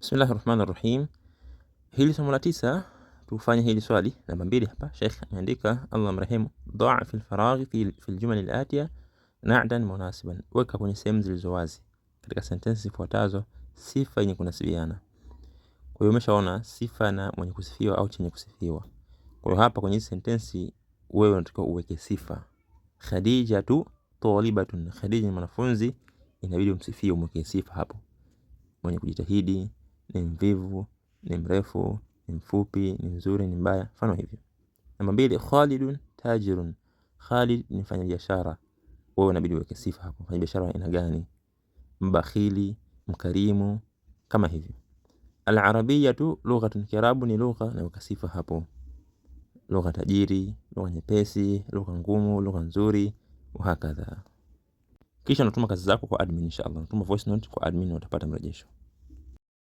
Bismillahi rahmani rahim. Hili somo la tisa, tufanye hili swali namba mbili. Hapa Sheikh ameandika Allah mrahimu dha'a fil faragh fi fil jumal al atiya nadan munasiban, weka kwenye sehemu zilizo wazi katika sentensi zifuatazo sifa yenye kunasibiana. Kwa hiyo umeshaona sifa na mwenye kusifiwa au chenye kusifiwa. Kwa hiyo hapa kwenye sentensi wewe unatakiwa uweke sifa Khadija tu talibatun, Khadija ni mwanafunzi, inabidi umsifie, umweke sifa hapo, mwenye kujitahidi ni mvivu, ni mrefu, ni mfupi, ni mzuri, ni mbaya, mfano hivyo. Namba mbili, Khalidun tajirun, Khalid ni mfanyabiashara. Wewe unabidi uweke sifa hapo, mfanyabiashara wa aina gani? Mbakhili, mkarimu, kama hivyo. Alarabiyatu lughatun, Kiarabu ni lugha, na naweka sifa hapo. Lugha tajiri, lugha nyepesi, lugha ngumu, lugha nzuri, wahakadha. Kisha natuma kazi zako kwa admin, inshallah. Natuma voice note kwa admin na utapata mrejesho.